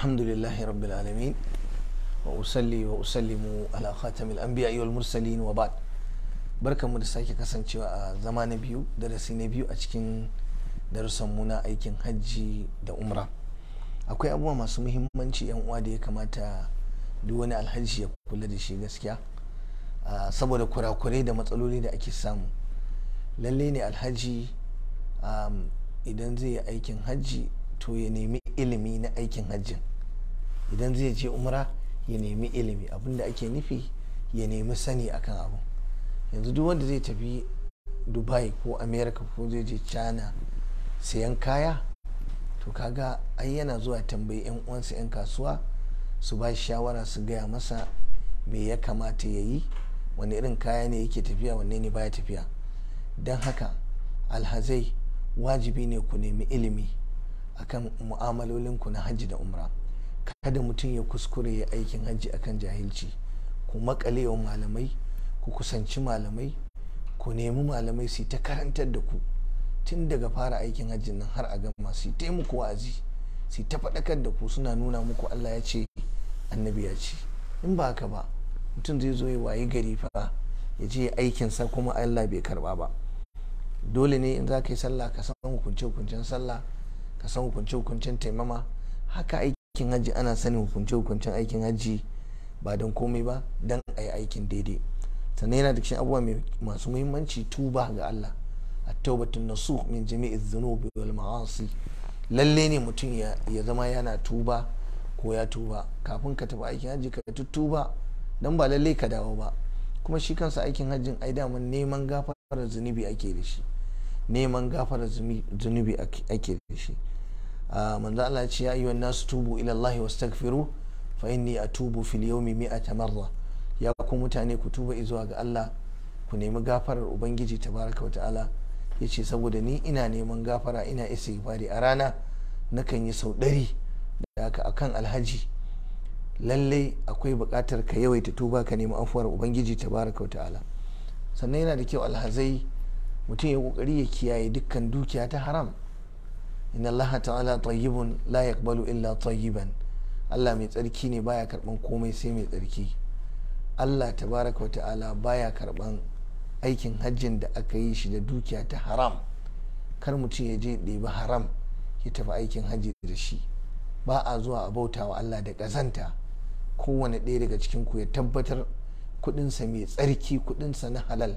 الحمد لله رب العالمين وأصلي وأسلم على خاتم الأنبياء والمرسلين وبعد بركة مدساكي كسان شواء زمان بيو درسي نبيو أشكين درس منا أيكين حجي دا أمرا أكوي أبوا ما سمهم منشي يوم وادي كما تا alhaji الحجي يقول لدي شي غسكيا سبو دا كورا كوري دا ake دا أكي سامو لليني الحجي إدنزي yi aikin hajji to ya nemi ilimi na aikin hajjin idan zai je umra ya nemi ilimi da ake nufi ya nemi sani akan abu yanzu duk wanda zai tafi dubai ko america ko zai je china sayan kaya to kaga ai yana zuwa tambayi 'yan uwansa 'yan kasuwa su ba shawara su gaya masa me ya kamata ya yi wani irin kaya ne yake tafiya wanne ne baya tafiya don haka alhazai wajibi ne ku nemi ilimi akan mu'amalolinku na hajji da umra kada mutum ya kuskure ya aikin hajji akan jahilci ku makale makalewa malamai ku kusanci malamai ku nemi malamai su ta karantar da ku tun daga fara aikin hajjin nan har a gama su ta muku wa'azi su ta faɗakar da ku suna nuna muku Allah ya ce annabi ya ce in ba haka ba mutum zai zo ya wayi gari fa ya je aikinsa kuma Allah bai karba ba dole ne in za ka yi sallah ka san hukunce hukuncen sallah ka san hukunce hukuncen taimama haka aiki aikin hajji ana sanin hukunce hukuncen aikin hajji ba don komai ba don a yi aikin daidai sannan yana da kishin abubuwa masu muhimmanci tuba ga Allah a taubatun nasu min jami'i dhunubi wal ma'asi lalle ne mutum ya zama yana tuba ko ya tuba kafin ka tafi aikin hajji ka tutuba don ba lalle ka dawo ba kuma shi kansa aikin hajjin ai daman neman gafarar neman gafarar zunubi ake da shi Ah, manzo Allah ce ya ayyuhan nasu tubu ila Allah wastaghfiru fa inni atubu fil yawmi mi'ata marra ya ku mutane ku tuba izuwa ga Allah ku nemi gafarar ubangiji tabaraka wa ta'ala yace saboda ni ina neman gafara ina istighfari a rana nakan yi sau ɗari da haka akan alhaji lallai akwai bukatar ka yawaita tuba ka nemi afuwar ubangiji tabaraka wa ta'ala sannan yana da kyau alhazai mutum ya kokari ya kiyaye dukkan dukiya ta haram ina allaha ta'ala tayyibun la yaqbalu illa tayyiban Allah mai tsarki ne baya karban komai sai mai tsarki Allah tabaraka ta'ala baya karban aikin hajjin da aka yi shi da dukiya ta haram kar mutum ya je ɗebi haram ya tafi aikin hajji da shi ba a zuwa a bauta wa Allah da ƙazanta kowane ɗaya daga cikin ku ya tabbatar kuɗinsa mai tsarki kuɗinsa na halal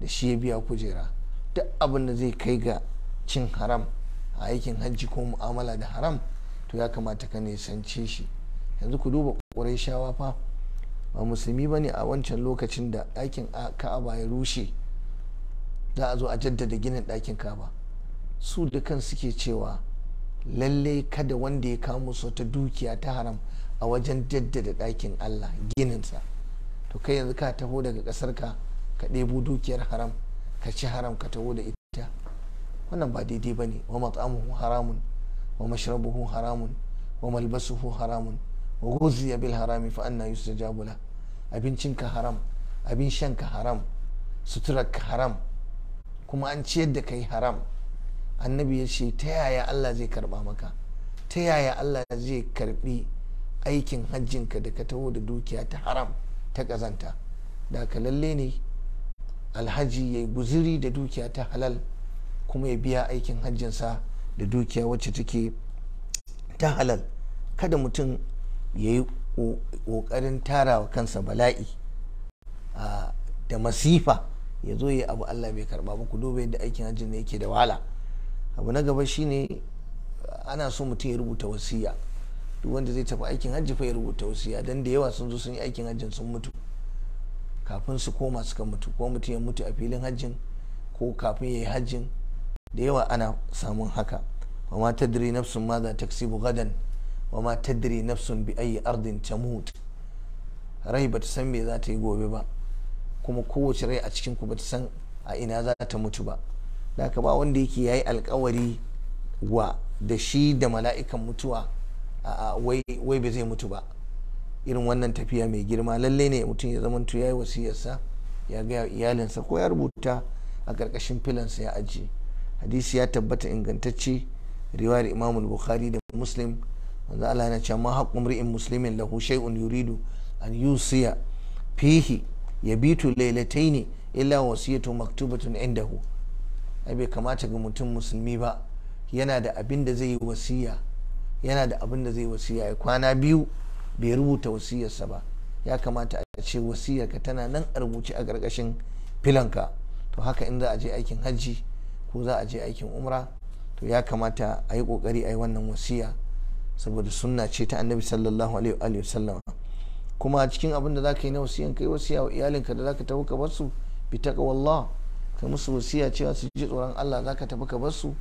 da shi ya biya kujera duk abin da zai kai ga cin haram a aikin hajji ko mu'amala da haram to ya kamata ka nisance shi yanzu ku duba ƙurai shawa fa ba musulmi ba ne a wancan lokacin da ɗakin ka'aba ya rushe za a zo a jaddada ginin ɗakin ka'aba su dukan suke cewa lalle kada wanda ya kamo su wata dukiya ta haram a wajen jaddada ɗakin allah gininsa to kai yanzu ka taho daga ƙasar ka ka ɗebo dukiyar haram ka ci haram ka taho da ita wannan ba daidai ba ne wa mat'amuhu haramun wa mashrabuhu haramun wa malbasuhu haramun wa ghuziya bil harami fa anna jabula la abincinka haram abin shanka haram suturarka haram kuma an ciyar da kai haram annabi ya ce ta yaya Allah zai karba maka ta yaya Allah zai karbi aikin hajjinka da ka taho da dukiya ta haram ta kazanta da ka lalle ne alhaji ya yi guziri da dukiya ta halal kuma ya biya aikin hajjinsa da dukiya wacce take ta halal kada mutum ya yi ƙoƙarin tara wa kansa bala'i da masifa ya zo ya abu Allah bai karba ba ku duba yadda aikin hajjin ne yake da wahala abu na gaba shine ana so mutum ya rubuta wasiya duk wanda zai tafi aikin hajji fa ya rubuta wasiya dan da yawa sun zo sun yi aikin hajjin sun mutu kafin su koma suka mutu ko mutum ya mutu a filin hajjin ko kafin ya yi hajjin da yawa ana samun haka wa ma tadri nafsun ma za ta gadan wa ma tadri nafsun bi ayi ardin tamut rai ba ta san me za ta yi gobe ba kuma kowace rai a cikin ku ba ta san a ina za ta mutu ba da ka ba wanda yake yayi alkawari wa da shi da mala'ikan mutuwa wai ba zai mutu ba irin wannan tafiya mai girma lallai ne mutum ya zamanto ya yi wasiyarsa ya gaya iyalinsa ko ya rubuta a ƙarƙashin filansa ya ajiye hadisi ya tabbata ingantacce riwayar imam bukhari da muslim wanda Allah yana cewa ma haqqu mri'in muslimin lahu shay'un yuridu an yusiya fihi yabitu ne illa wasiyatu maktubatun indahu ai bai kamata ga mutum musulmi ba yana da abin da zai wasiya yana da abin da zai wasiya ya kwana biyu bai rubuta wasiyarsa ba ya kamata a ce wasiyarka tana nan a rubuce a ƙarƙashin filanka to haka in za a je aikin hajji ko za a je aikin umra to ya kamata a yi kokari a yi wannan wasiya saboda sunna ce ta annabi sallallahu alaihi wa sallam kuma a cikin abin da za ka yi na wasiyan kai wasiya wa iyalinka da za ka tafi ka basu su ta taqwallah kai musu wasiya cewa su ji tsoron Allah za ka tafi ka bar su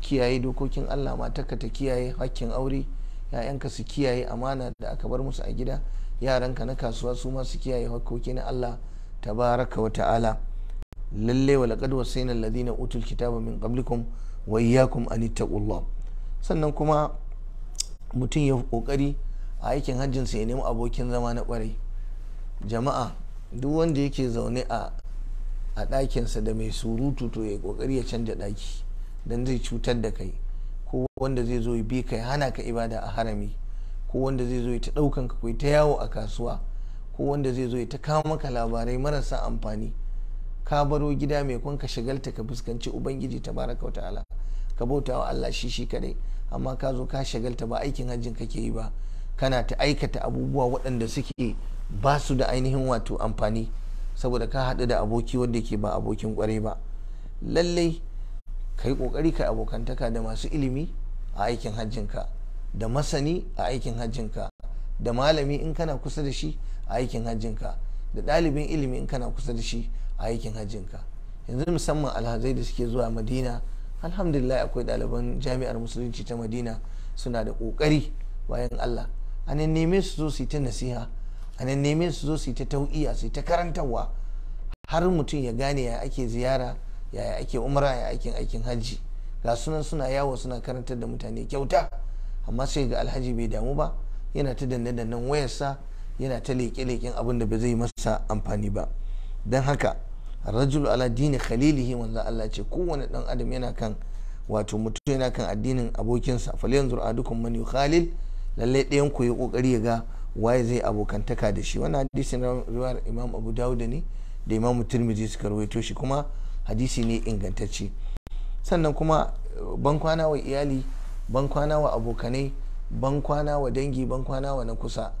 kiyaye dokokin Allah matarka ta kiyaye hakkin aure ya'yanka su kiyaye amana da aka bar musu a gida yaranka na kasuwa su ma su kiyaye hakkoki na Allah tabaraka wa ta'ala lalle wa laqad wasayna alladhina utul kitaba min qablikum wa iyyakum an ittaqullah sannan kuma mutum ya kokari a aikin hajjin sa ya nemi abokin zama na kwarai jama'a duk wanda yake zaune a a ɗakinsa da mai surutu to ya kokari ya canja ɗaki don zai cutar da kai ko wanda zai zo ya bi kai hana ka ibada a harami ko wanda zai zo ya ta ɗaukan ka ta yawo a kasuwa ko wanda zai zo ya ta kawo maka labarai marasa amfani ka baro gida mai kun ka shagalta ka fuskanci ubangiji ta baraka wa ta'ala ka bauta wa Allah shi shi kadai amma ka zo ka shagalta ba aikin hajjin kake yi ba kana ta aikata abubuwa waɗanda suke ba su da ainihin wato amfani saboda ka haɗu da aboki wanda ke ba abokin kwarai ba lallai ka yi ƙoƙari ka abokantaka da masu ilimi a aikin ka da masani a aikin ka da malami in kana kusa da shi a aikin ka da ɗalibin ilimi in kana kusa da shi a aikin hajjinka yanzu musamman alhazai da suke zuwa madina alhamdulillah akwai ɗaliban jami'ar musulunci ta madina suna da ƙoƙari bayan allah a nan neme su zo su yi ta nasiha a nan neme su zo su yi ta tau'iya su yi ta karantarwa har mutum ya gane ya ake ziyara yaya ake umra ya aikin aikin hajji ga sunan suna yawo suna karantar da mutane kyauta amma sai ga alhaji bai damu ba yana ta danne dannen wayarsa yana ta leƙe-leƙen abin da ba zai masa amfani ba don haka rajul ala dini khalilihi wanda Allah ce kowane dan adam yana kan wato mutum yana kan addinin abokinsa fal yanzur adukum man yukhalil lalle dayan ku yi kokari ga waye zai abokantaka da shi wannan na riwayar Imam Abu Dawud ne da Imam Tirmidhi suka rawaito shi kuma hadisi ne ingantacce sannan kuma eh, bankwana wa iyali bankwana wa abokanai bankwana wa dangi bankwana wa na kusa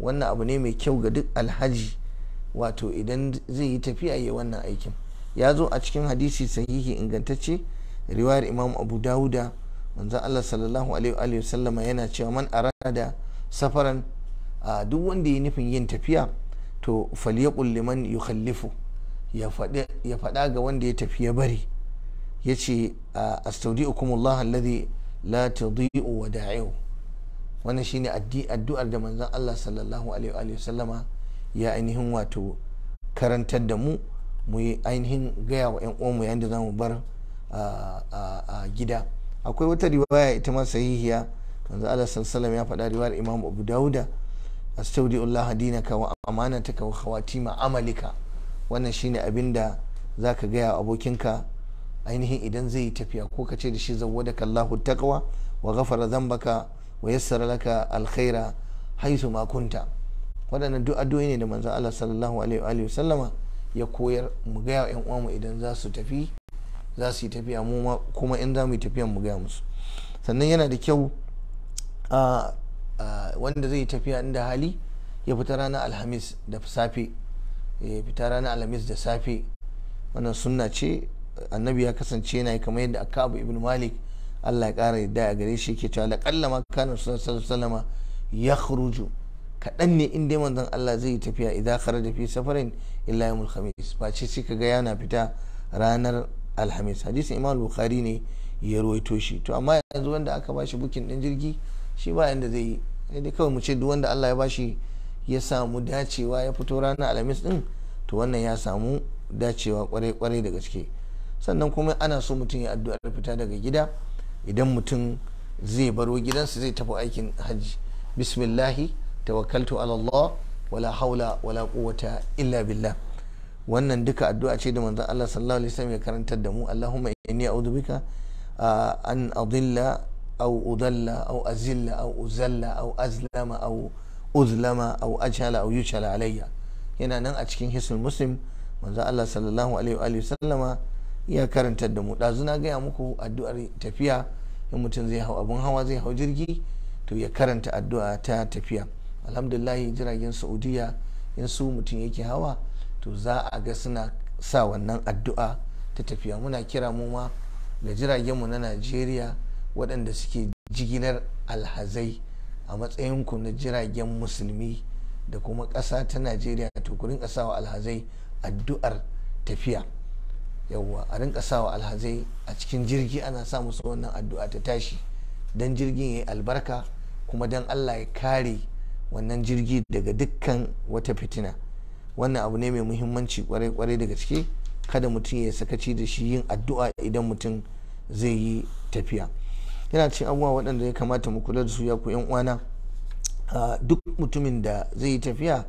wannan abu ne mai kyau ga duk alhaji wato idan zai yi tafiya ya wannan aikin ya zo a cikin hadisi sahihi ingantacce riwayar imam abu dawuda manzon allah sallallahu alaihi wa sallama yana cewa man arada safaran a duk wanda ya nufin yin tafiya to falyaqul liman yukhallifu ya faɗa ga wanda ya tafi ya bari ya ce astaudi'ukumullah alladhi la tadi'u wada'u wannan shine addu'ar da manzon Allah sallallahu alaihi wa sallama ya ainihin wato karantar da mu mu yi ainihin gaya wa 'yan uwanmu yayin da za mu bar gida akwai wata riwaya ita ma sahihiya za Allah sallallahu ya faɗa riwayar Imam Abu Dawuda astaudi'ullah dinaka wa amanataka wa khawatima amalika wannan shine abin da zaka gaya wa abokinka ainihin idan zai yi tafiya ko ka ce da shi zawwadaka Allahu taqwa wa ghafara dhanbaka wa yassara laka alkhaira haythu ma kunta waɗannan duk addu'o'i ne da manzon Allah sallallahu alaihi wa sallama ya koyar mu gaya yan uwanmu idan za su tafi za su yi tafiya mu kuma in za mu yi tafiya mu gaya musu sannan yana da kyau wanda zai yi tafiya inda hali ya fita ranar alhamis da safe ya eh, fita ranar alhamis da safe wannan sunna ce annabi ya kasance yana kamar yadda aka abu ibn malik Allah ya kara yadda a gare shi ke cewa da ma kanar sallallahu alaihi wasallama ya khuruju kaɗan ne inda manzon Allah zai yi tafiya idan da fi safarin illa yawmul khamis ba ce sai ga yana fita ranar alhamis hadisin imam bukhari ne ya ruwaito shi to amma yanzu wanda aka bashi bukin ɗin jirgi shi ba yanda zai yi sai kawai mu ce duk wanda Allah ya bashi ya samu dacewa ya fito ranar alhamis din to wannan ya samu dacewa kwarai kwarai da gaske sannan kuma ana so mutum ya addu'ar fita daga gida idan mutum zai baro gidansa zai tafi aikin hajji bismillahi tawakkaltu ala Allah wala haula wala quwwata illa billah wannan duka addu'a ce da manzon Allah sallallahu alaihi wasallam ya karantar da mu Allahumma inni a'udhu bika an adilla aw udalla aw azilla aw uzalla aw azlama aw uzlama aw ajhala aw yushala alayya yana nan a cikin hisul muslim manzon Allah sallallahu alaihi wa sallama ya karantar da mu dazu na gaya muku addu'ar tafiya in mutum zai hau abun hawa zai hau jirgi to ya karanta addu'a ta tafiya alhamdulahi jiragen saudiya in su mutum yake hawa to za a ga suna sa wannan addu'a ta tafiya muna kira mu ma ga jiragenmu na najeriya waɗanda suke jiginar alhazai a matsayinku na jiragen musulmi da kuma ƙasa ta najeriya to ku rinka sawa alhazai addu'ar tafiya yawwa a rinka sawa alhazai a cikin jirgi ana sa musu wannan addu'a ta tashi don jirgin ya yi albarka kuma don allah ya kare wannan jirgi daga dukkan wata fitina wannan abu ne mai muhimmanci kwarai-kwarai da gaske kada mutum ya sakaci da shi yin addu'a idan mutum zai yi tafiya yana cin abubuwa waɗanda ya kamata mu kula da su ya ku yan uwana ah, duk mutumin da zai yi tafiya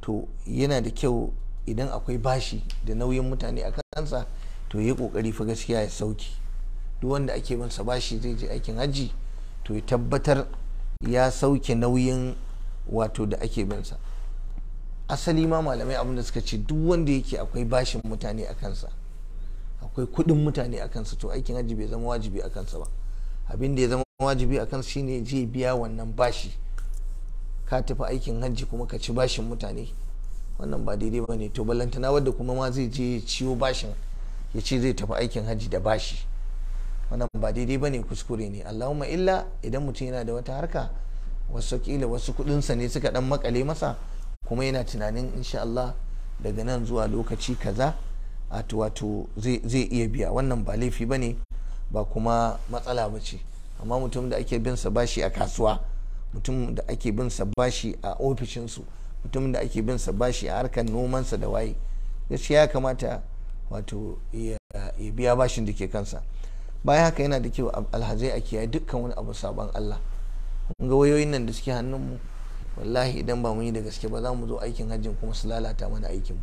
to yana da kyau idan akwai bashi da nauyin mutane a kansa to ya kokari fa gaskiya ya sauki duk wanda ake bansa bashi zai je aikin hajji to ya tabbatar ya sauke nauyin wato da ake binsa asali ma malamai abin da suka ce duk wanda yake akwai bashin mutane a kansa akwai kudin mutane a kansa to aikin hajji bai zama wajibi a kansa ba abin da ya zama wajibi a kansa shine je biya wannan bashi ka tafi aikin hajji kuma ka ci bashin mutane wannan ba daidai ba ne to ballantana wadda kuma ma zai je ciwo bashin ya ce zai tafi aikin hajji da bashi wannan ba daidai ba ne kuskure ne allahumma illa idan mutum yana da wata harka wasu kila wasu kudinsa ne suka dan makale masa kuma yana tunanin insha Allah daga nan zuwa lokaci kaza a wato zai iya biya wannan ba laifi bane ba kuma matsala ba ce amma mutum da ake bin sa bashi a kasuwa mutum da ake bin sa bashi a ofishinsu mutum da ake bin sa bashi a harkar nomansa da waye gaskiya ya kamata wato ya biya bashin da ke kansa bayan haka yana da kyau alhazai a kiyaye dukkan wani abu sabon Allah ga wayoyin nan da suke hannunmu wallahi idan ba mu yi da gaske ba za mu zo aikin hajjin kuma su lalata mana aikin mu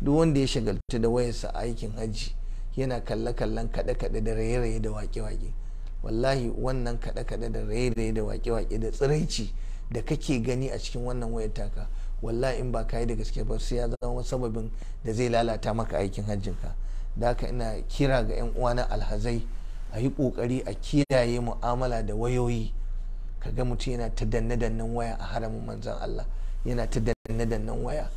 duk wanda ya shagaltu da wayarsa aikin hajji yana kalle kallon kaɗe kaɗe da raye raye da wake wake wallahi wannan kaɗe kaɗe da raye raye da wake wake da tsiraici da kake gani a cikin wannan wayar taka wallahi in ba ka yi da gaske ba sai ya zama sababin da zai lalata maka aikin hajjin ka da haka ina kira ga 'yan uwa na alhazai a yi kokari a kiyaye mu'amala da wayoyi ka ga mutum yana ta danne-dannen waya a haramin manzan Allah yana ta danne-dannen waya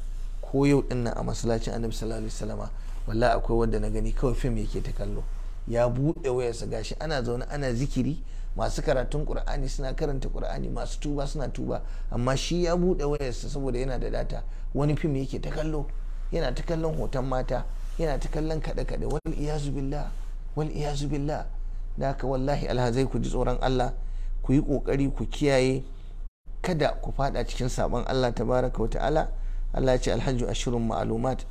ko yau din a masallacin annabi sallallahu alaihi wasallama wallahi akwai wanda na gani kawai fim yake ta kallo ya buɗe wayarsa gashi ana zaune ana zikiri masu karatun qur'ani suna karanta qur'ani masu tuba suna tuba amma shi ya buɗe wayarsa saboda yana da data wani fim yake ta kallo yana ta kallon hoton mata yana ta kallon kaɗe-kaɗe wal iyazu billah wal iyazu billah da haka wallahi alhazai ku ji tsoron Allah ku yi ƙoƙari ku kiyaye kada ku fada cikin saban Allah tabaraka wa ta'ala Allah ya ce alhajju ashirun ma'alumat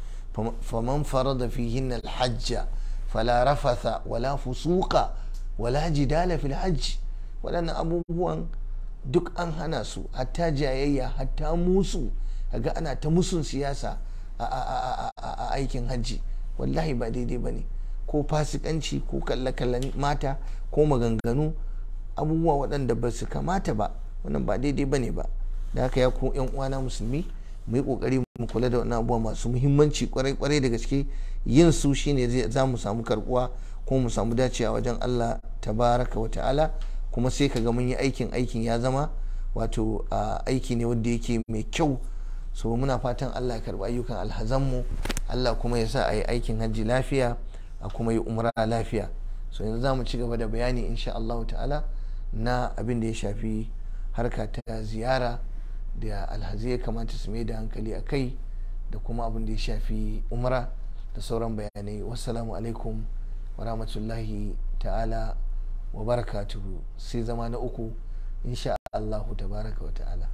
faman farada fihin alhajja fala rafatha wala fusuqa wala jidala fil hajj waɗannan abubuwan duk an hana su hatta jayayya hatta musu kaga ana ta musun siyasa a aikin hajji wallahi ba daidai ba ne ko fasikanci ko kalle-kallen mata ko maganganu abubuwa waɗanda ba su kamata ba wannan ba daidai ba ne ba da haka ya ku yan uwana musulmi mu yi kokari mu kula da wannan abubuwa masu muhimmanci kwarai kwarai daga gaske yin su shine zai za mu samu karbuwa kuma mu samu dacewa wajen Allah tabaraka wa ta'ala kuma sai ka ga mun yi aikin aikin ya zama wato aiki ne wanda yake mai kyau so muna fatan Allah ya karbi ayyukan mu Allah kuma ya sa a yi aikin hajji lafiya a kuma yi umra lafiya so yanzu za mu ci gaba da bayani insha Allah ta'ala na abin da ya shafi harka ta ziyara da alhazi ya kamata su mai da hankali a kai da kuma abin da ya shafi umra da sauran bayanai wasalamu alaikum wa rahmatullahi ta'ala wa barakatuhu sai zama na uku insha Allahu tabaraka wa ta'ala